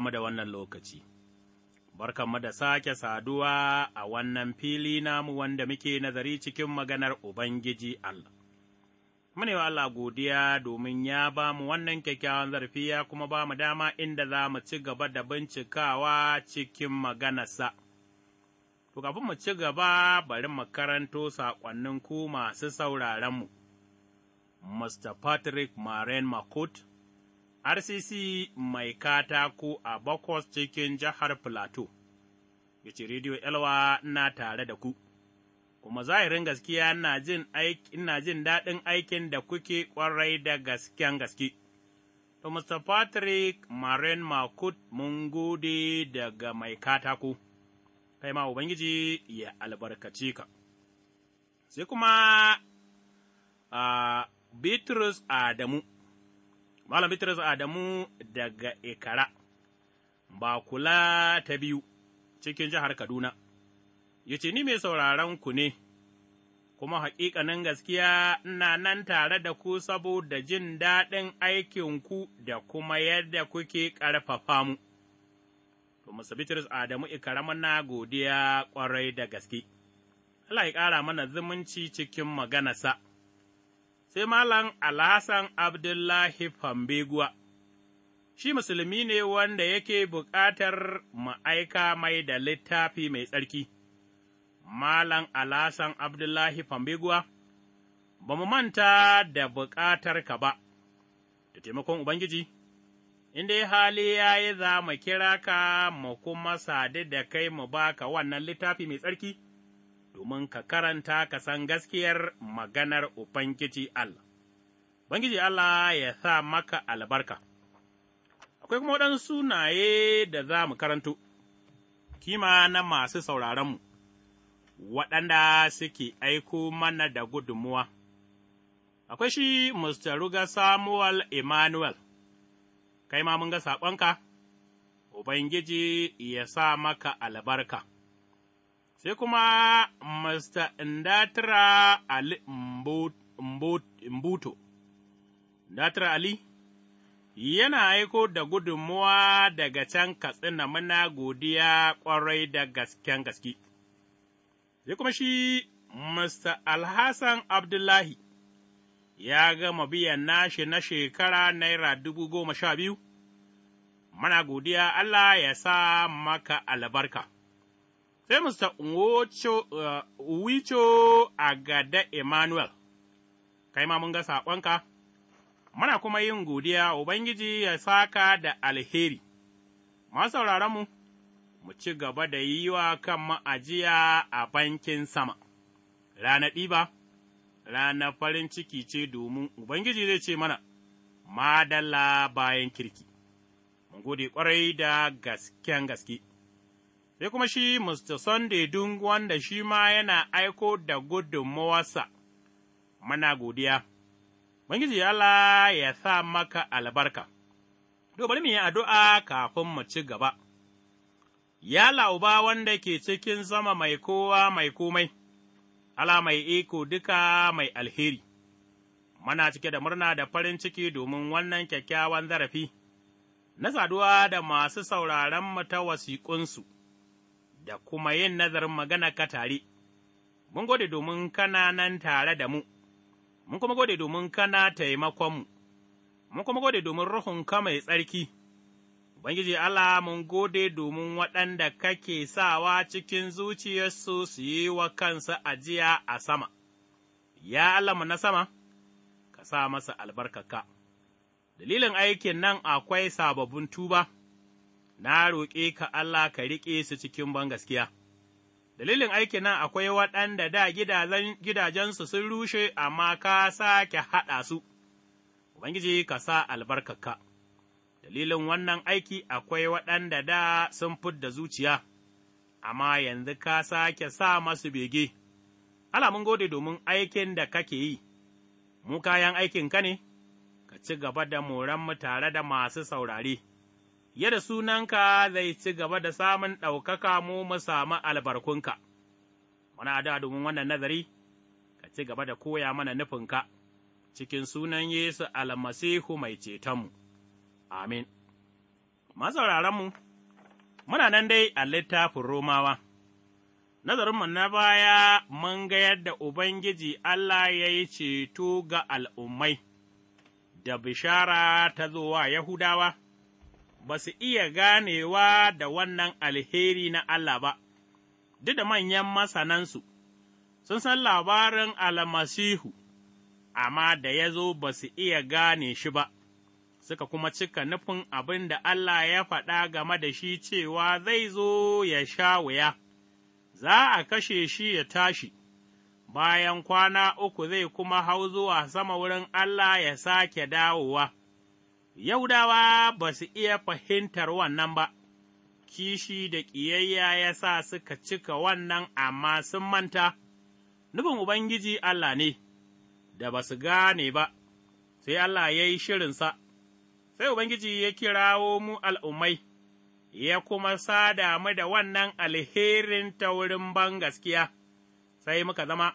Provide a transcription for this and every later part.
mu da wannan lokaci, mu da sake saduwa a wannan fili namu wanda muke nazari cikin maganar Ubangiji Allah. Mune wa Allah godiya domin ya ba mu wannan kyakkyawan zarfi ya kuma ba mu dama inda za mu ci gaba da bincikawa cikin maganarsa. To, kafin mu ci gaba bari makaranto karanto saƙonnin ku masu sauraronmu. Mr. Patrick Maren Makut RCC mai katako a Bakwas cikin jihar Filato, ya ce, Rediyo Elwa na tare da ku, kuma zahirin gaskiya ina jin daɗin aikin da kuke ƙwarai da gasken gaske. To, Mr. Patrick Marin Makut mun gode daga mai katako, kai ma Ubangiji ya albarkace ka. Sai kuma a ah, Bitrus Adamu. Malam Bitrus Adamu daga Ikara, ba kula ta biyu cikin jihar Kaduna, ya ce, Ni mai sauraron ku ne, kuma haƙiƙanin gaskiya ina nan tare da ku saboda jin daɗin aikinku da kuma yadda kuke ƙarfafa mu. To, Musa Bitrus Adamu Ikara mana godiya ƙwarai da gaske. Allah ya ƙara mana zumunci cikin sa sai Malam Alhassan Abdullahi Fambeguwa, shi musulmi ne wanda yake bukatar ma'aika mai da littafi mai tsarki. Malam Alhassan Abdullahi Fambeguwa, ba mu manta da bukatar ka ba, da taimakon Ubangiji, inda dai hali ya yi za mu kira ka mu kuma sadu da kai mu baka wannan littafi mai tsarki. domin ka karanta ka san gaskiyar maganar Ubangiji Allah. Ubangiji Allah ya sa maka albarka. Akwai kuma waɗansu sunaye da za mu karanto, kima na masu sauraronmu, waɗanda suke aiko mana da gudunmuwa. Akwai shi Mr. Ruga Samuel Emmanuel, kai ma mun ga saƙonka, Ubangiji ya sa maka albarka. sai kuma Mr. Ndatra Ali Mbuto. Ndatra Ali yana aiko da gudunmuwa daga can katsina muna godiya ƙwarai da gasken gaske. Sai kuma shi Mr. Alhassan Abdullahi ya gama biyan nashi na shekara Naira dubu goma sha biyu, mana godiya Allah ya sa maka albarka. sai Mr. Uh, Uwicho a gada Emmanuel, kai ma mun ga saƙonka, muna kuma yin godiya Ubangiji ya saka da alheri, masu mu, mu ci gaba da yi wa kan ma'ajiya a bankin sama, Rana ɗiba, rana farin ciki ce domin Ubangiji zai ce mana, madalla bayan kirki, mun gode ƙwarai da gasken gaske. sai kuma shi Mr. Sunday Dung wanda shi ma yana aiko da gudunmawarsa, mana godiya, Bangiji Allah ya sa maka albarka, to bari mu yi addu'a kafin mu ci gaba, ya lauba wanda ke cikin zama mai kowa mai komai, Allah mai iko duka mai alheri, mana cike da murna da farin ciki domin wannan kyakkyawan zarafi, na saduwa da masu sauraron mu ta wasiƙunsu. da kuma yin nazarin magana ka tare, mun gode domin kana nan tare da mu, mun kuma gode domin kana taimakonmu, mun kuma gode domin ruhunka mai tsarki, Ubangiji Allah mun gode domin waɗanda kake sawa cikin zuciyarsu su yi wa kansu ajiya a sama, ya mu na sama, ka sa masa albarkaka. Dalilin aikin nan akwai sababbin tuba. na roƙe ka Allah ka riƙe su cikin ban gaskiya. Dalilin aikin nan akwai waɗanda da gidajensu sun rushe, amma ka sake haɗa su, Ubangiji ka sa albarkaka. Dalilin wannan aiki akwai waɗanda da sun da zuciya, amma yanzu ka sake sa masu bege. Allah mun gode domin aikin da kake yi, mu kayan aikin ka ne, ka ci gaba da mu tare da masu saurare. yadda sunanka zai ci gaba da samun ɗaukaka mu mu samu albarkunka. Muna da domin wannan nazari, ka ci gaba da koya mana nufinka cikin sunan Yesu almasihu mai cetonmu. Amin. Masauraranmu, muna nan dai a littafin Romawa. Nazarinmu na baya mun ga yadda Ubangiji Allah ya yi ceto ga al'ummai, da bishara ta zo wa Yahudawa. ba su iya ganewa da wannan alheri na Allah ba, duk da manyan masanansu sun san labarin almasihu, amma da ya zo ba su iya gane shi ba, suka kuma cika nufin abin da Allah ya faɗa game da shi cewa zai zo ya sha wuya, za a kashe shi ya tashi. Bayan kwana uku zai kuma hau zuwa sama wurin Allah ya sake dawowa. Yahudawa ba su iya fahimtar wannan ba, kishi da ƙiyayya ya sa suka cika wannan amma sun manta, nufin Ubangiji Allah ne, da ba su gane ba, sai Allah ya yi shirinsa, sai Ubangiji ya kirawo mu al'ummai, ya kuma sada mu da wannan alherin ta wurin gaskiya. sai muka zama,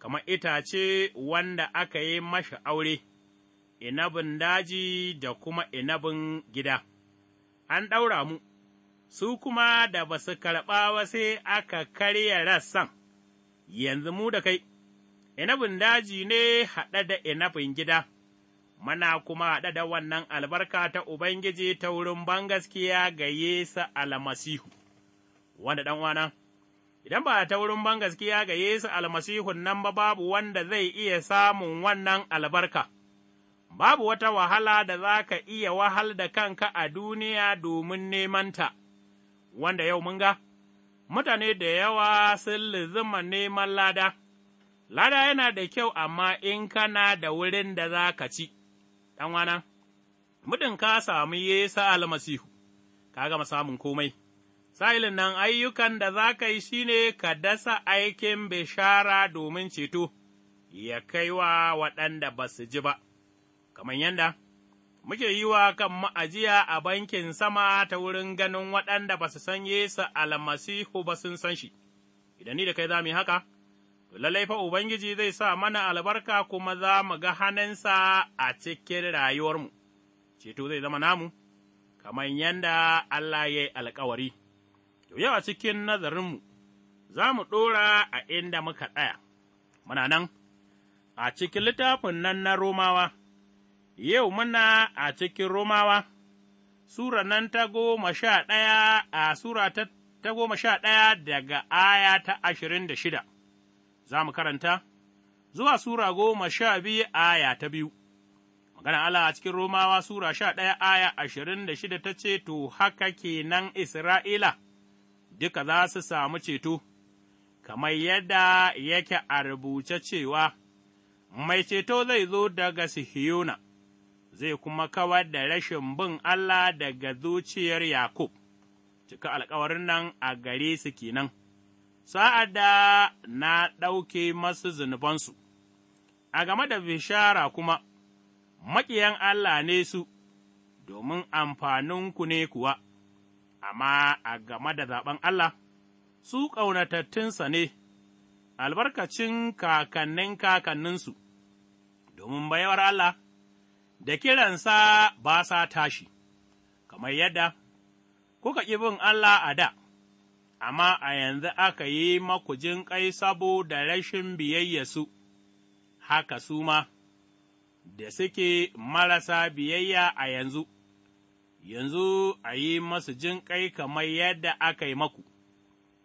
kamar itace wanda aka yi masha aure. inabin daji da kuma inabin gida, an ɗaura mu, su kuma da ba su karɓa ba sai aka karya rassan, yanzu mu da kai, inabin daji ne haɗe da inabin gida. Mana kuma haɗe da wannan albarka ta Ubangiji ta wurin bangaskiya ga Yesu almasihu, wanda wana, idan ba ta wurin bangaskiya ga Yesu almasihun nan ba babu wanda zai iya samun wannan albarka. babu wata wahala da za ka iya wahal da kanka a duniya domin nemanta, wanda yau mun ga, mutane da yawa sun lizima neman lada, lada yana da kyau amma in kana da wurin da za ka ci, ɗanwana, mutum ka sami Yesu almasihu, ka gama samun komai. Sa'ilin nan ayyukan da za ka yi shi ne ka dasa aikin bishara domin ceto, ya kai wa waɗanda ba su ji ba. kamar yadda muke yi wa kan ma'ajiya a bankin sama ta wurin ganin waɗanda ba su san Yesu almasihu ba sun san shi, idan ni da kai za mu yi haka, to lallai fa Ubangiji zai sa mana albarka kuma za mu ga hannunsa a cikin rayuwarmu, ceto zai zama namu, kamar yadda Allah ya yi alkawari. To yau a cikin nazarinmu, za mu ɗora a inda muka tsaya, muna nan, a cikin littafin nan na Romawa. yau muna a cikin Romawa, Sura nan ta goma sha ɗaya a Sura ta goma sha ɗaya daga aya ta ashirin da shida, za mu karanta, zuwa Sura goma sha biyu aya ta biyu. Magana Allah a cikin Romawa Sura sha ɗaya aya ashirin da shida ta ce, To, haka kenan Isra'ila, duka za su samu ceto, kamar yadda yake a rubuce cewa, Mai ceto zai zo daga Sihiyona. zai kuma kawar da rashin bin Allah daga zuciyar Yakub, cika alkawarin nan a gare su kenan, sa'ad da na ɗauke masu zunubansu, a game da bishara kuma, maƙiyan Allah ne su, domin amfaninku ne kuwa, amma a game da zaɓen Allah, su ƙaunatattunsa ne, albarkacin kakannin kakanninsu, domin bayawar Allah. da kiransa ba sa tashi, kamar yadda kuka ƙi bin Allah a da, amma a yanzu aka yi maku jinƙai saboda rashin biyayya su, haka su ma, da suke marasa biyayya a yanzu, yanzu a yi masu ƙai kamar yadda aka yi maku,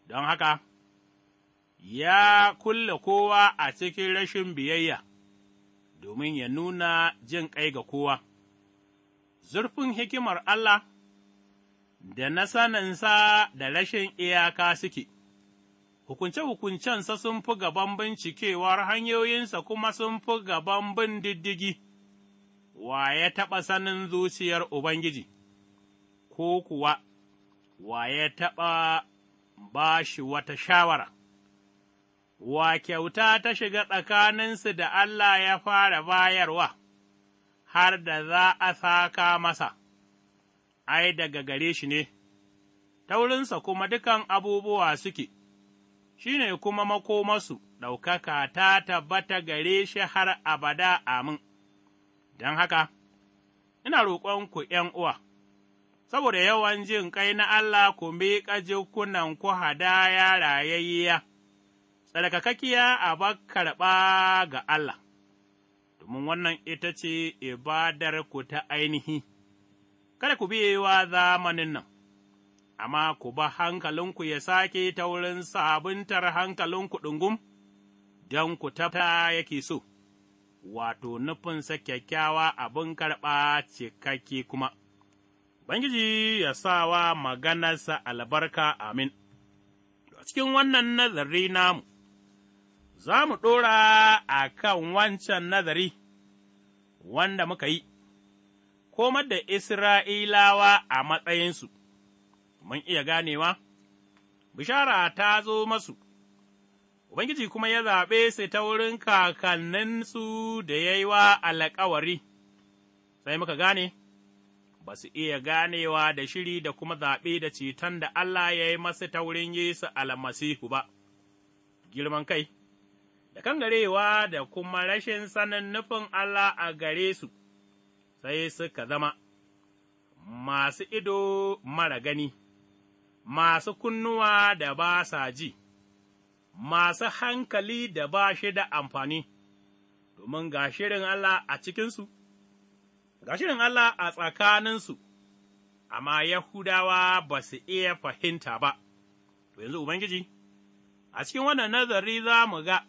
don haka, ya kulle kowa a cikin rashin biyayya. domin ya nuna jin ƙai ga kowa. Zurfin hikimar Allah da na saninsa da rashin iyaka suke, hukunce-hukuncensa sun fi gaban bincikewar hanyoyinsa kuma sun fi gaban bin diddigi, wa ya taɓa sanin zuciyar Ubangiji, ko kuwa wa ya taɓa ba shi wata shawara. wa kyauta ta shiga tsakaninsu da Allah ya fara bayarwa, har da za a saka masa, ai, daga gare shi ne, taurinsa kuma dukan abubuwa suke, shi ne kuma makomasu ɗaukaka ta tabbata gare shi har abada amin. Don haka, ina roƙonku uwa. saboda yawan jin kai na Allah ku miƙa jikunanku hadaya rayayya. tsarkakakkiya a ba karɓa ga Allah, domin wannan ita ce ibadar ku ta ainihi, kada ku wa zamanin nan, amma ku ba hankalinku ya sake ta wurin sabuntar hankalinku ɗungum, don ku tafta yake so, wato nufinsa kyakkyawa abin karɓa cikakke kuma. bangiji ya sa wa maganarsa albarka amin. Cikin wannan nazari namu. za mu ɗora a kan wancan nazari wanda muka yi, komar da Isra'ilawa a matsayinsu, mun iya ganewa, bishara ta zo masu, Ubangiji kuma ya zaɓe su ta wurin kakanninsu da ya yi wa alkawari, sai muka gane, ba su iya ganewa da shiri da kuma zaɓe da ceton da Allah ya yi masu ta wurin Yesu almasihu ba, girman kai. da kangarewa da kuma rashin sanin nufin Allah a gare su, sai suka zama masu ido mara gani, masu kunnuwa da ba sa ji, masu hankali da ba shi da amfani, domin ga shirin Allah a cikinsu, ga shirin Allah a tsakaninsu, amma Yahudawa ba su iya fahimta ba. To yanzu Ubangiji, a cikin wannan nazari za mu ga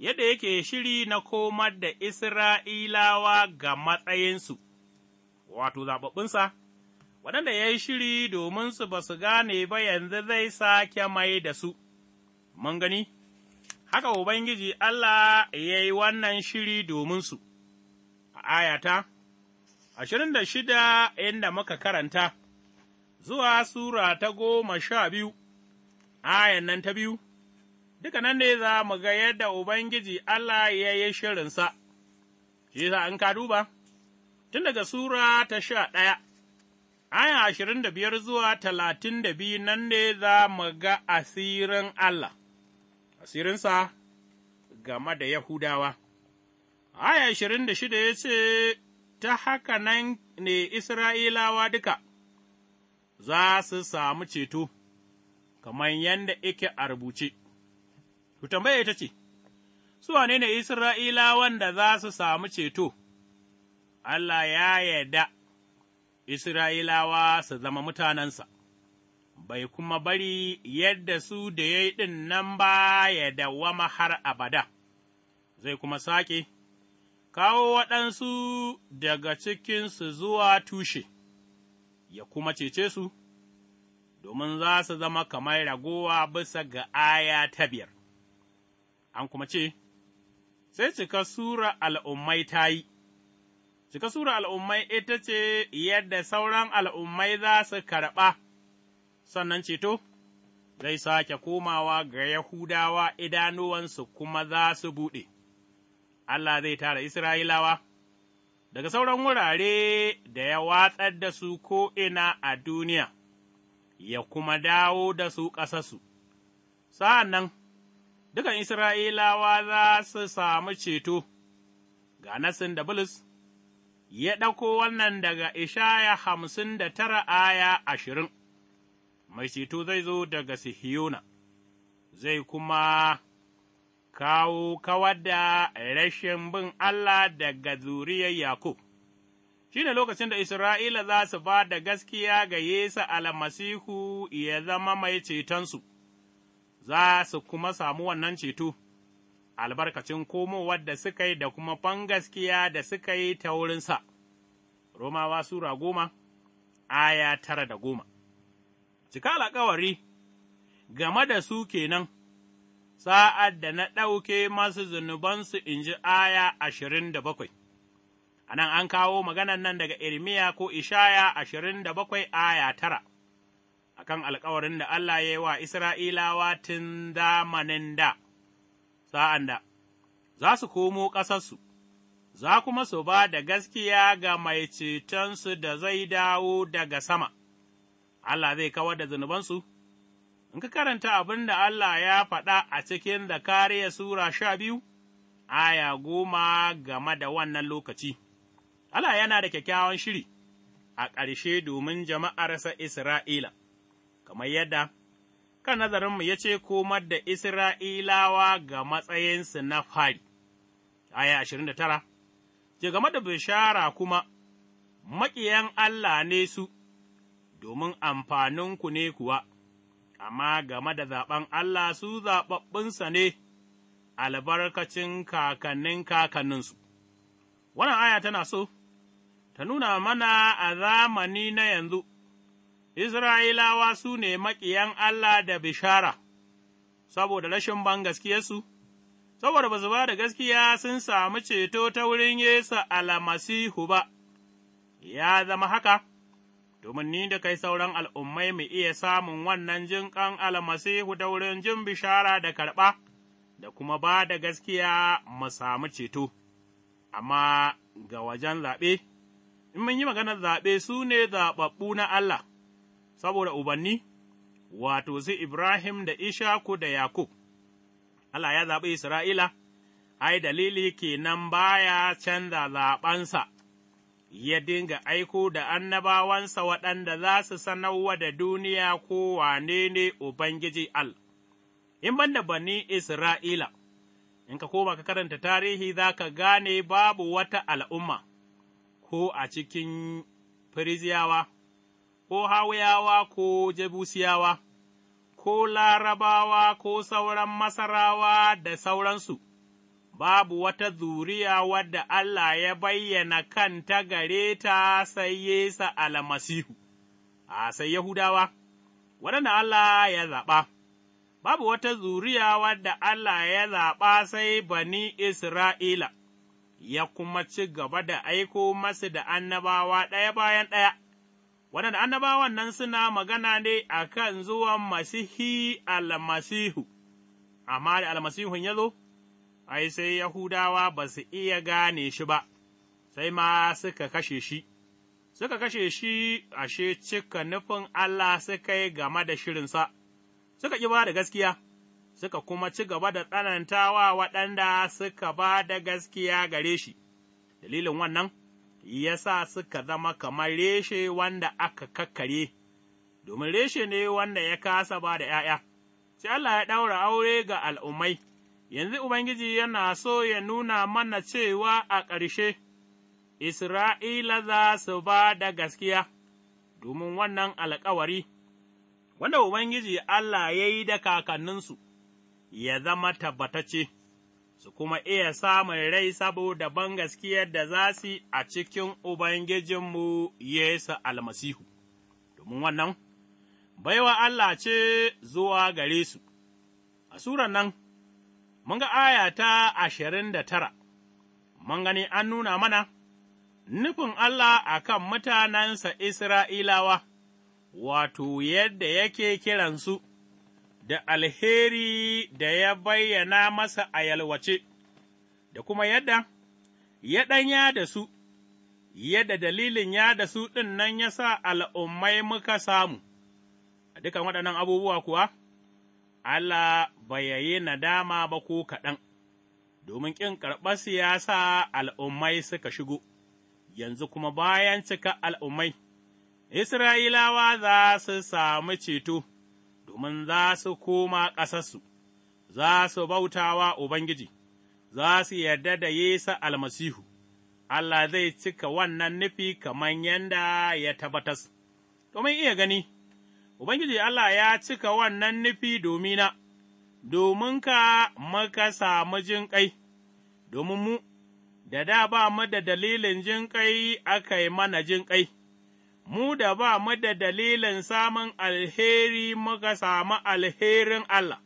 yadda yake shiri na komar da Isra'ilawa ga matsayinsu, wato zaɓaɓɓunsa, waɗanda ya yi shiri domin su ba su gane ba yanzu zai sake mai da su, mun gani, haka Ubangiji Allah ya yi wannan shiri su. a ayata, ashirin da shida inda muka karanta, zuwa Sura ta goma sha biyu, ayan nan ta biyu. duka nan ne za mu ga yadda Ubangiji Allah ya yi shirinsa, shi yasa in ka duba, tun daga Sura ta sha ɗaya, aya ashirin da biyar zuwa talatin da biyu nan ne za mu ga asirin Allah, asirinsa game da Yahudawa. Aya ashirin da shida ya ce, Ta haka nan ne Isra'ilawa duka za su samu ceto, kamar yadda ike a rubuce. to tambaya ita ce, Su wane ne Isra'ilawan da za su samu ceto, Allah ya yarda Isra'ilawa su zama mutanensa, bai kuma bari yadda su da ya yi ɗin nan ba ya wama har abada, zai kuma sake, kawo waɗansu daga cikinsu zuwa tushe, ya kuma cece su, domin za su zama kamar ragowa bisa ga aya ta biyar. an kuma ce, Sai cika Sura al'ummai ta yi, cika Sura al'ummai ita ce yadda sauran al'ummai za su karɓa, sannan ceto, zai sake komawa ga Yahudawa idanuwansu kuma za su buɗe, Allah zai tara Isra'ilawa. daga sauran wurare da ya watsar da su ko'ina a duniya, ya kuma dawo da su ƙasarsu, sa'an nan dukan Isra'ilawa za su samu ceto, ga nasin da Bulus ya ɗauko wannan daga Ishaya hamsin da tara aya ashirin, mai ceto zai zo daga Sihiyona, zai kuma kawo kawar da rashin bin Allah daga zuriyar Yakub. Shi ne lokacin da Isra'ila za su ba da gaskiya ga Yesu almasihu ya zama mai cetonsu. za su kuma samu wannan ceto, albarkacin komowar da suka yi da kuma fangaskiya da suka yi ta wurinsa. Romawa Sura goma, aya tara da goma. Cika alkawari game da su kenan, sa'ad da na ɗauke masu zunubansu in ji aya ashirin da bakwai. A nan an kawo maganan nan daga Irmiya ko Ishaya ashirin da bakwai aya tara. a kan alkawarin da Allah ya yi wa Isra'ilawa tun zamanin da, sa'an da za su komo ƙasarsu, za kuma su ba da gaskiya ga mai cetonsu da zai dawo daga sama, Allah zai kawar da zunubansu. In ka karanta abin da Allah ya faɗa a cikin Zakariya Sura sha biyu, aya goma game da wannan lokaci, Allah yana da kyakkyawan shiri a ƙarshe domin jama'arsa Isra'ila. kamar yadda kan nazarinmu ya ce komar da Isra'ilawa ga matsayinsu na fari, aya ashirin da tara, ke game da bishara kuma, maƙiyan Allah ne su, domin amfaninku ne kuwa, amma game da zaɓen Allah su zaɓaɓɓunsa ne, albarkacin kakannin kakanninsu. Wannan aya tana so, ta nuna mana a zamani na yanzu. Isra'ilawa su ne maƙiyan Allah da bishara, saboda rashin ban bangaskiyarsu, saboda ba su ba da gaskiya sun samu ceto ta wurin Yesu almasihu ba, ya zama haka, domin ni da kai sauran al'ummai mu iya samun wannan jinƙan almasihu ta wurin jin bishara da karɓa, da kuma ba da gaskiya mu samu ceto, amma ga wajen zaɓe, in mun yi maganar zaɓe su ne zaɓaɓɓu na Allah. saboda ubanni, wato su Ibrahim da Ishaku da Yakub, Allah ya zaɓi Isra'ila, ai, dalili kenan baya canza zaɓensa, ya dinga aiko da annabawansa waɗanda za su sanarwa da duniya ko wane ne Ubangiji Al, in ban da bani Isra'ila, in ka koma ka karanta tarihi za ka gane babu wata al'umma ko a cikin Firiziyawa. ko Hawayawa ko Jebusiyawa, ko Larabawa ko sauran Masarawa da sauransu, babu wata zuriya wadda Allah ya bayyana kanta gare ta sai Yesu almasihu, a sai Yahudawa, waɗanda Allah ya zaɓa. Babu wata zuriya wadda Allah ya zaɓa sai bani Isra'ila, ya kuma ci gaba da aiko masu da annabawa ɗaya bayan ɗaya. waɗanda annabawan nan suna magana ne a kan zuwan Masihi almasihu, amma da almasihun ya zo, ai sai Yahudawa ba su iya gane shi ba, sai ma suka kashe shi, suka kashe shi ashe cika nufin Allah suka yi game da shirinsa, suka ƙi ba da gaskiya, suka kuma ci gaba da tsanantawa waɗanda suka ba da gaskiya gare shi, dalilin wannan. ya sa suka zama kamar reshe wanda aka kakkare, domin reshe ne wanda ya kasa ba da ’ya'ya, sai Allah ya ɗaura aure ga al'ummai, yanzu Ubangiji yana so ya nuna mana cewa a ƙarshe, Isra'ila za su ba da gaskiya, domin wannan alkawari, wanda Ubangiji Allah ya yi da kakanninsu, ya zama tabbatacce. su kuma iya samun rai saboda ban gaskiyar da za su a cikin Ubangijinmu Yesu almasihu, domin wannan, baiwa Allah ce zuwa gare su. A suran nan, mun ga aya ashirin da tara, mun gani an nuna mana, nufin Allah a kan mutanensa Isra'ilawa, wato yadda yake kiransu. da alheri da ya bayyana masa a yalwace, da kuma yadda ya ɗanya da su, yadda dalilin ya da su ɗin nan ya sa al'ummai muka samu, a dukan waɗannan abubuwa kuwa, Allah bai yayi nadama ba ko kaɗan, domin ƙin karɓar siyasa al'ummai suka shigo, yanzu kuma bayan cika al'ummai, Isra'ilawa za su sami ceto. domin za su koma ƙasarsu, za su bautawa Ubangiji, za su yarda da Yesu almasihu, Allah zai cika wannan nufi kamar yadda ya tabbatas. Domin iya gani, Ubangiji Allah ya cika wannan nufi domina, domin ka maka samu jin ƙai, domin mu, da da ba mu da dalilin jin ƙai aka yi mana jin ƙai. mu da ba mu da dalilin samun alheri muka samu alherin Allah,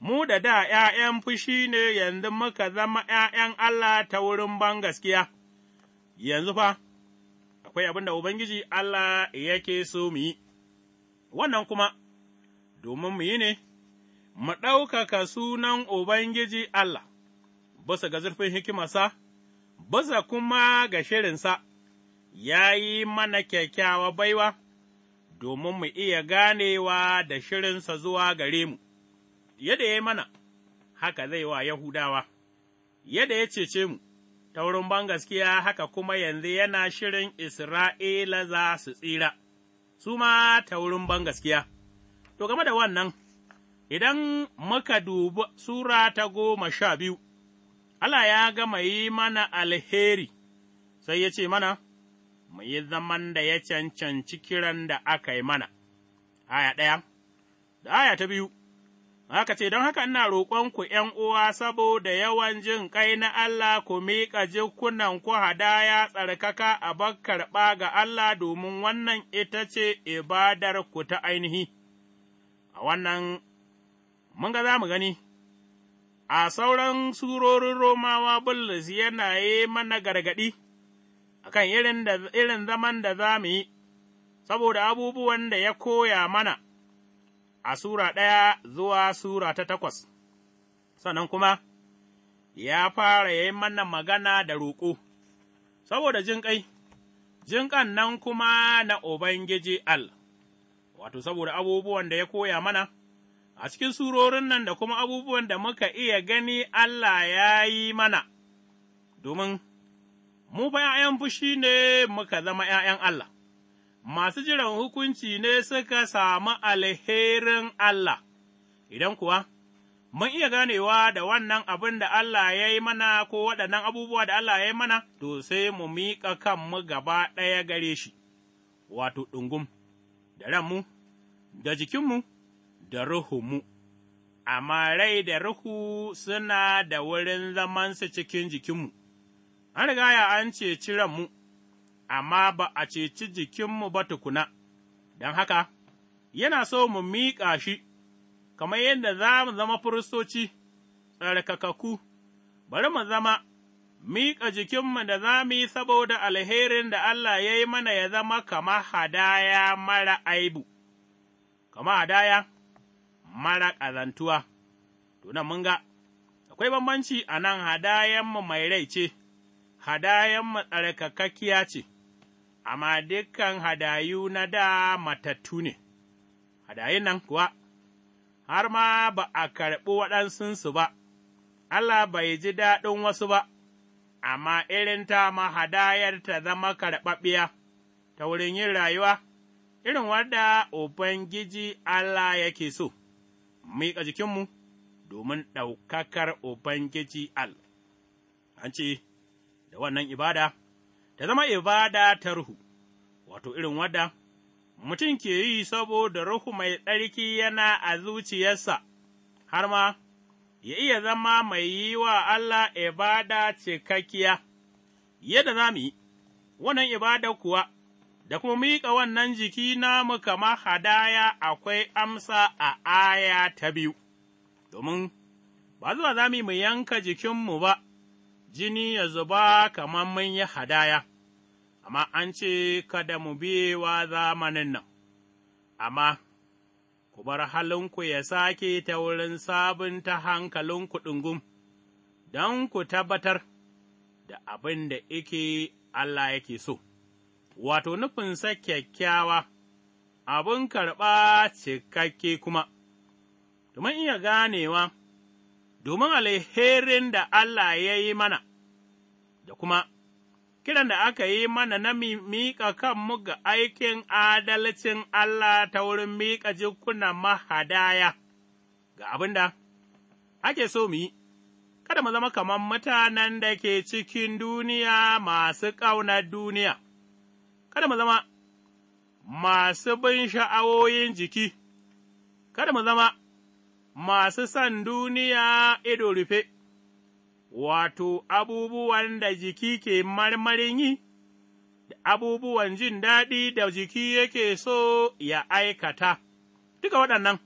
mu da da ’ya'yan fushi ne yanzu muka zama ’ya'yan Allah ta wurin ban gaskiya. yanzu fa, akwai abin da Ubangiji Allah yake so mu yi, wannan kuma, domin mu yi ne, mu ɗaukaka sunan Ubangiji Allah, bisa ga zurfin hikimarsa, bisa kuma ga shirinsa. ya yi mana kyakkyawa baiwa, domin mu iya ganewa da shirinsa zuwa gare mu, yadda ya yi mana, haka zai wa Yahudawa, yadda ya cece mu, ta wurin bangaskiya haka kuma yanzu yana shirin Isra'ila za su tsira, su ma ta wurin bangaskiya. To, game da wannan, idan muka dubi Sura ta goma sha biyu, Allah ya gama yi mana alheri, sai ya ce mana, mu yi zaman da ya cancanci kiran da aka yi mana. Aya ɗaya, da aya ta biyu, aka ce, Don haka ina roƙonku ’yan uwa saboda yawan jin ƙai na Allah ku miƙa jikunanku hadaya tsarkaka a karɓa ga Allah domin wannan ita ce ibadar ku ta ainihi. A wannan, mun ga za mu gani. A sauran surorin Romawa Bulus yana yi mana gargaɗi. a kan irin zaman da za mu yi, saboda abubuwan da ya koya mana a Sura ɗaya zuwa Sura ta takwas, sannan kuma ya fara ya yi mana magana da roƙo, saboda jinƙai, jinƙan nan kuma na Ubangiji Al, wato saboda abubuwan da ya koya mana. a cikin surorin nan da kuma abubuwan da muka iya gani Allah ya yi mana, domin mu fa ’ya'yan fushi ne muka zama ’ya'yan Allah, masu jiran hukunci ne suka samu alherin Allah, idan kuwa, mun iya ganewa da wannan abin da Allah ya yi mana ko waɗannan abubuwa da Allah ya yi mana, to sai mu miƙa kanmu gaba ɗaya gare shi, wato ɗungum, da ranmu, da jikinmu, da ruhunmu. Amma rai da ruhu suna da wurin zamansu cikin jikinmu. an rigaya an ceci ranmu, amma ba a ceci jikinmu ba tukuna, don haka, yana so mu miƙa shi, kamar yadda za mu zama firistoci, tsarkakaku, bari mu zama miƙa jikinmu da za mu yi saboda alherin da Allah ya yi mana ya zama kama hadaya mara aibu, kama hadaya mara ƙazantuwa. Tunan mun ga, akwai bambanci a nan hadayenmu mai rai ce. hadayan matsarkakakkiya ce, amma dukan hadayu na da matattu ne, hadayun nan kuwa, har ma ba a karɓi waɗansunsu ba, Allah bai ji daɗin wasu ba, amma irin ta ma hadayar ta zama karɓaɓɓiya ta wurin yin rayuwa, irin wadda Ubangiji Allah yake so, miƙa jikinmu domin ɗaukakar Ubangiji Allah. An da wannan ibada, ta zama ibada ta ruhu, wato irin wadda mutum ke yi saboda ruhu mai tsarki yana a zuciyarsa, har ma ya iya zama mai yi wa Allah ibada cikakkiya, yadda za mu yi, wannan ibada kuwa, da kuma miƙa wannan jiki namu kama hadaya akwai amsa a aya ta biyu, domin ba zuwa za mu yanka jikinmu ba, jini ya zuba kamar mun yi hadaya, amma an ce kada mu wa zamanin nan, amma ku bar halinku ya sake ta wurin sabunta hankalinku ɗungum, don ku tabbatar da abin da ike Allah yake so, wato nufinsa kyakkyawa, abin karɓa cikakke kuma, domin iya ganewa. domin alherin da Allah ya yi mana, da kuma kiran da aka yi mana na miƙa kanmu ga aikin adalcin Allah ta wurin miƙa jikunan mahadaya ga abin da ake so mu yi, kada mu zama kamar mutanen da ke cikin duniya masu ƙauna duniya, kada mu zama masu bin sha'awoyin jiki, kada mu zama masu san duniya ido rufe, wato abubuwan da jiki ke marmarin yi, da abubuwan jin daɗi da jiki yake so ya aikata, duka waɗannan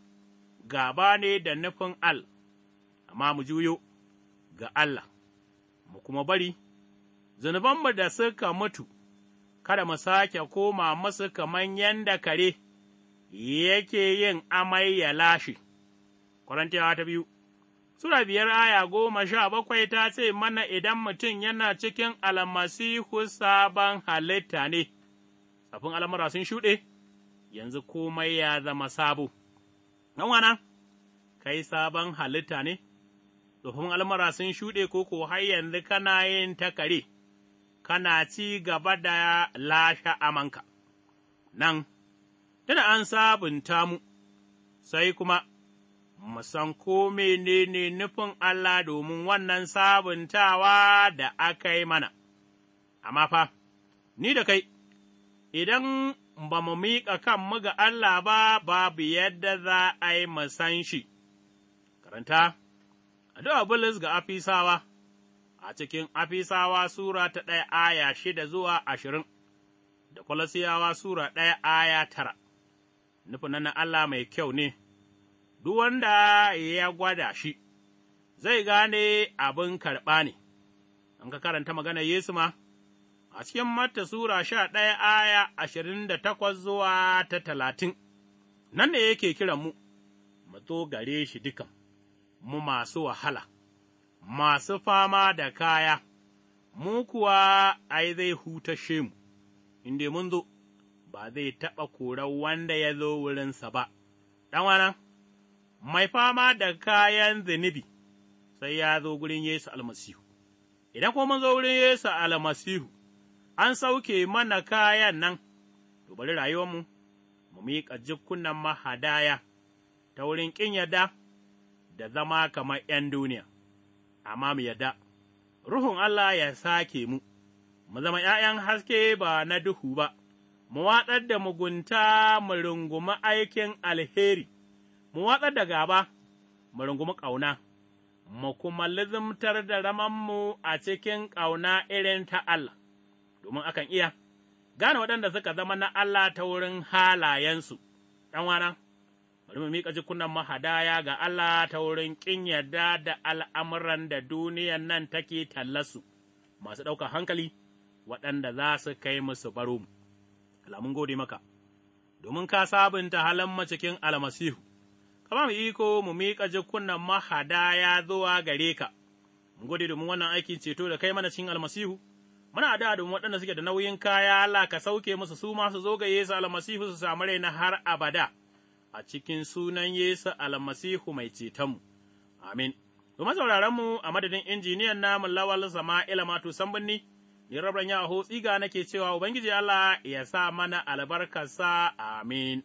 gaba ne da nufin al, amma mu juyo ga Allah, mu kuma bari, zunubanmu da suka mutu, kada mu sake koma masu kaman yanda kare yake yin amai ya lashe. Korintiyawa ta biyu, Sura biyar aya goma sha bakwai ta ce mana idan mutum yana cikin almasihu sabon halitta ne, tsafin al'amura sun shuɗe, yanzu komai ya zama sabo. wana kai sabon halitta ne, tsofin al'amura sun shuɗe ko ko har yanzu kana yin takare, kana ci gaba da lashe amanka. Nan, tana an sabunta mu, sai kuma mu san ko ne nufin Allah domin wannan sabuntawa da aka yi mana, amma fa, ni da kai, idan ba mu miƙa kanmu ga Allah ba, babu yadda za a yi mu san shi, karanta, addu'a Bulus ga Afisawa, a cikin Afisawa Sura ta ɗaya aya shida zuwa ashirin, da kwalasiyawa Sura ɗaya aya tara, nufin nan, Allah mai kyau ne. duk wanda ya gwada shi, zai gane abin karɓa ne, an ka karanta magana Yesu ma, a cikin mata Sura sha ɗaya aya ashirin da takwas zuwa ta talatin, nan ne yake kiran mu, mu zo gare shi dukan, mu masu wahala, masu fama da kaya, mu kuwa ai zai hutashe mu, inda mun zo, ba zai taɓa korar wanda ya zo wurinsa ba, ɗan mai fama da kayan zinubi sai ya zo gurin Yesu almasihu. Idan kuma zo wurin Yesu almasihu, an sauke mana kayan nan, to bari rayuwarmu, mu miƙa jikunan mahadaya ta wurin ƙin yadda da zama kamar ’yan duniya, amma mu yadda, Ruhun Allah ya sake mu, mu zama ’ya'yan haske ba na duhu ba, mu watsar da mugunta mu rungumi aikin alheri. mu watsar da gaba, mu rungumi ƙauna, mu kuma lizimtar da ramanmu a cikin ƙauna irin ta Allah, domin akan iya gane waɗanda suka zama na Allah ta wurin halayensu, ɗanwana, bari mu miƙa jikunan mahadaya ga Allah ta wurin ƙin yarda da al'amuran da duniyan nan take tallasu, masu ɗaukar hankali, waɗanda za su kai musu baro mu. Alamun gode maka, domin ka sabunta halin cikin almasihu. ka ba mu iko mu miƙa jikunan mahadaya zuwa gare ka, Mu gode domin wannan aikin ceto da kai mana cikin almasihu, muna da domin waɗanda suke da nauyin kaya Allah ka sauke musu su masu zo ga Yesu almasihu su samu rai na har abada, a cikin sunan Yesu almasihu mai cetonmu. Amin. Domin mu a madadin injiniyan namu Lawal Sama'ila Matu Sambunni, ni rabran ya tsiga nake cewa Ubangiji Allah ya sa mana albarkarsa. Amin.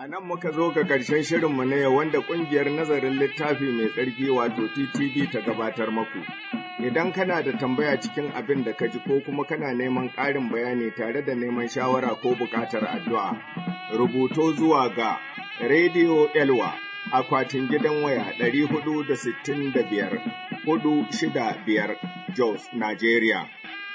A nan muka zo ga ƙarshen shirinmu na yau wanda ƙungiyar nazarin littafi mai tsarki wato TTV ta gabatar maku. Idan kana da tambaya cikin abin da ka ji ko kuma kana neman ƙarin bayani tare da neman shawara ko buƙatar addu'a, rubuto zuwa ga Radio Elwa akwatin gidan waya 465 465 Jos, Nigeria.